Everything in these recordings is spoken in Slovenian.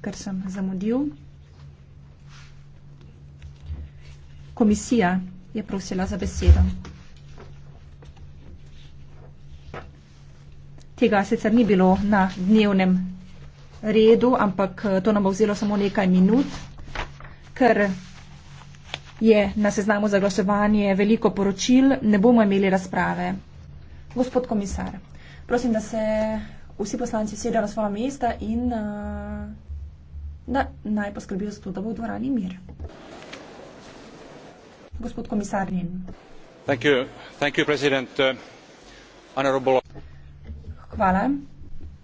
ker sem zamudil. Komisija je prosila za besedo. Tega sicer ni bilo na dnevnem redu, ampak eh, to nam bo vzelo samo nekaj minut, ker je na seznamu za glasovanje veliko poročil, ne bomo imeli razprave. Gospod komisar, prosim, da se vsi poslanci sedajo na svoje mesta in. Uh, da naj poskrbijo za to, da bo v dvorani mir. Gospod komisar Ren. Thank you. Thank you, uh, Hvala,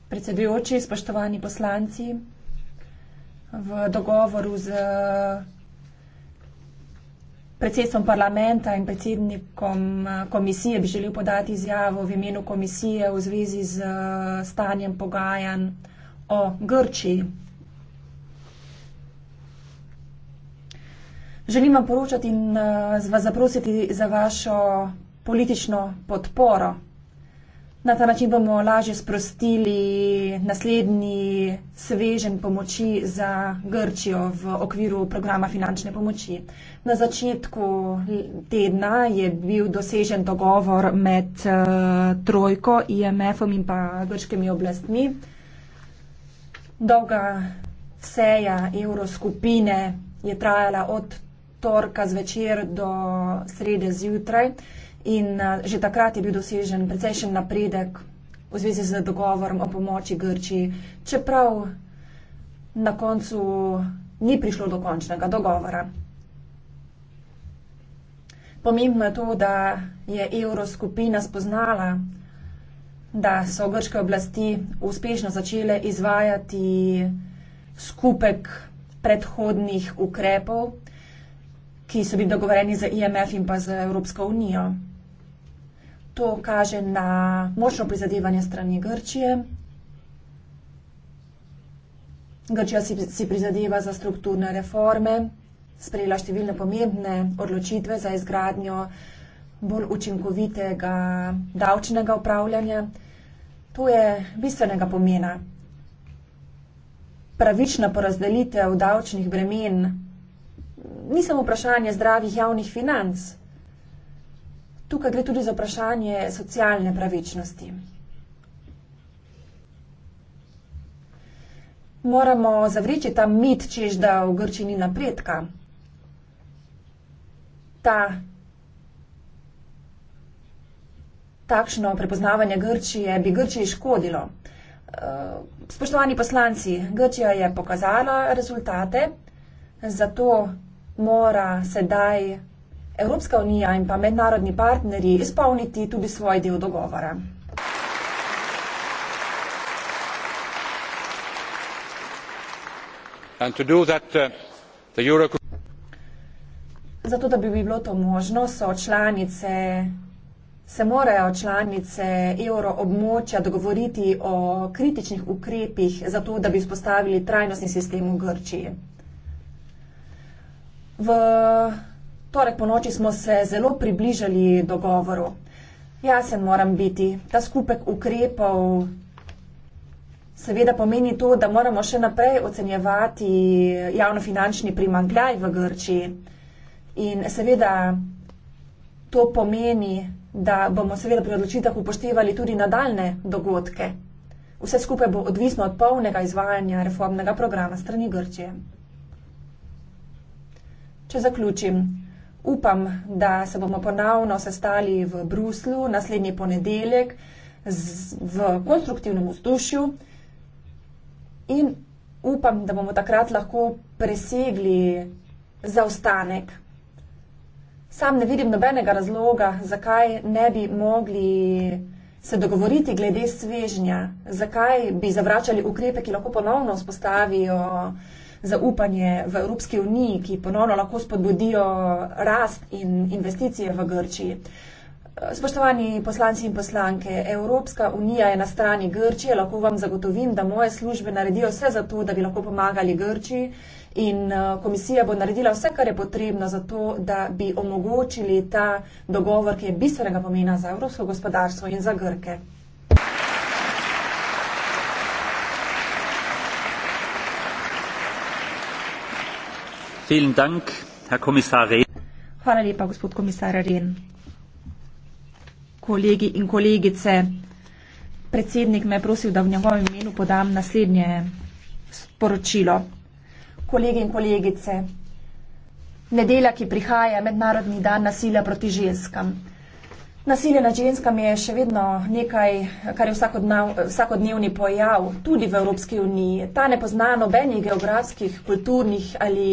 predsedujoči, spoštovani poslanci. V dogovoru z predsedstvom parlamenta in predsednikom uh, komisije bi želel podati izjavo v imenu komisije v zvezi z uh, stanjem pogajanj o Grčiji. Želim vam poročati in eh, vas zaprositi za vašo politično podporo. Na ta način bomo lažje sprostili naslednji svežen pomoči za Grčijo v okviru programa finančne pomoči. Na začetku tedna je bil dosežen dogovor med eh, trojko, IMF-om in pa grškimi oblastmi. Dolga seja evroskupine je trajala od torka zvečer do srede zjutraj in eh, že takrat je bil dosežen precejšen napredek v zvezi z dogovorom o pomoči Grčiji, čeprav na koncu ni prišlo do končnega dogovora. Pomembno je to, da je evroskupina spoznala, da so grške oblasti uspešno začele izvajati skupek predhodnih ukrepov, ki so bili dogovoreni z IMF in pa z Evropsko unijo. To kaže na močno prizadevanje strani Grčije. Grčija si, si prizadeva za strukturne reforme, sprejela številne pomembne odločitve za izgradnjo bolj učinkovitega davčnega upravljanja. To je bistvenega pomena. Pravična porazdelitev davčnih bremen ni samo vprašanje zdravih javnih financ. Tukaj gre tudi za vprašanje socialne pravičnosti. Moramo zavreči ta mit, češ da v Grči ni napredka. Ta takšno prepoznavanje Grčije bi Grčiji škodilo. Spoštovani poslanci, Grčija je pokazala rezultate, zato mora sedaj Evropska unija in pa mednarodni partnerji izpolniti tudi svoj del dogovora. Uh, Zato, da bi bilo to možno, so članice, se morajo članice evroobmočja dogovoriti o kritičnih ukrepih za to, da bi vzpostavili trajnostni sistem v Grčiji. V torek po noči smo se zelo približali dogovoru. Jasen moram biti, ta skupek ukrepov seveda pomeni to, da moramo še naprej ocenjevati javnofinančni primankljaj v Grčiji. In seveda to pomeni, da bomo seveda pri odločitah upoštevali tudi nadaljne dogodke. Vse skupaj bo odvisno od polnega izvajanja reformnega programa strani Grčije. Če zaključim, upam, da se bomo ponovno sestali v Bruslu naslednji ponedeljek z, v konstruktivnem vzdušju in upam, da bomo takrat lahko presegli zaostanek. Sam ne vidim nobenega razloga, zakaj ne bi mogli se dogovoriti glede svežnja, zakaj bi zavračali ukrepe, ki lahko ponovno vzpostavijo zaupanje v Evropski uniji, ki ponovno lahko spodbudijo rast in investicije v Grčiji. Spoštovani poslanci in poslanke, Evropska unija je na strani Grčije, lahko vam zagotovim, da moje službe naredijo vse za to, da bi lahko pomagali Grčiji in komisija bo naredila vse, kar je potrebno za to, da bi omogočili ta dogovor, ki je bistvenega pomena za evropsko gospodarstvo in za Grke. Hvala lepa, gospod komisar Ren. Kolegi in kolegice, predsednik me je prosil, da v njegovem imenu podam naslednje sporočilo. Kolegi in kolegice, nedelja, ki prihaja, je mednarodni dan nasilja proti ženskam. Nasilje nad ženskami je še vedno nekaj, kar je vsakodnevni pojav tudi v Evropski uniji. Ta ne pozna nobenih geografskih, kulturnih ali.